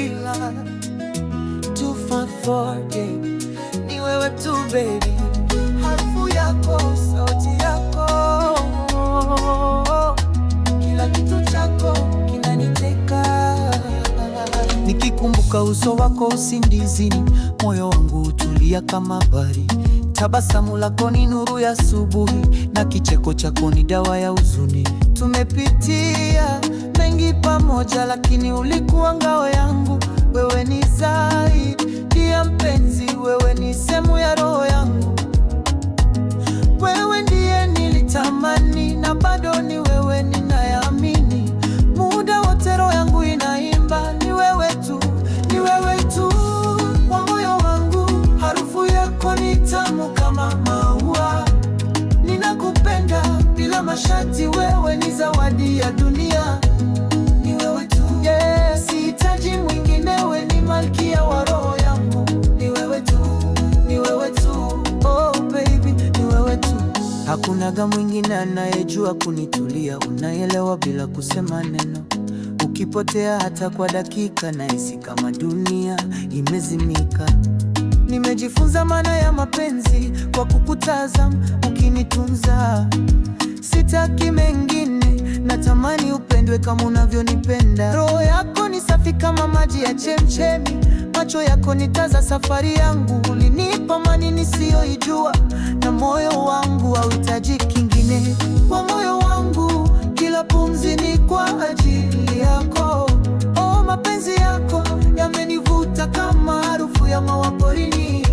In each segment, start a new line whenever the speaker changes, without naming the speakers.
bila ni wewe tu baby, harufu yako, sauti yako, kila kitu chako kinaniteka. Nikikumbuka uso wako usindizini, moyo wangu utulia kama bari. Tabasamu lako ni nuru ya asubuhi, na kicheko chako ni dawa ya huzuni. Tumepitia mengi pamoja, lakini ulikuwa ngao yangu wewe ni zaidi pia mpenzi, wewe ni sehemu ya roho yangu, wewe ndiye nilitamani na bado ni wewe ninayamini, muda wote roho yangu inaimba ni wewe tu, ni wewe tu wa moyo wangu, harufu yako ni tamu kama maua, ninakupenda bila masharti. Hakunaga mwingine anayejua kunitulia, unaelewa bila kusema neno. Ukipotea hata kwa dakika, nahisi kama dunia imezimika. Nimejifunza maana ya mapenzi kwa kukutazama ukinitunza. Sitaki mengine, natamani upendwe kama unavyonipenda. Roho yako ni safi kama maji ya chemchemi, macho yako ni taa za safari yangu. Ulinipa amani nisiyoijua kinywaji kingine Kwa moyo wangu, kila pumzi ni kwa ajili yako. Oh, mapenzi yako yamenivuta kama harufu ya maua porini.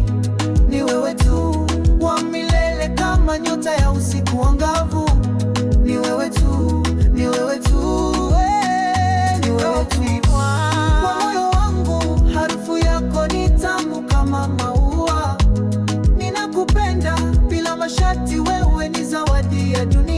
Ni wewe tu wa milele, kama nyota ya usiku angavu. Ni wewe tu yeah, Junie.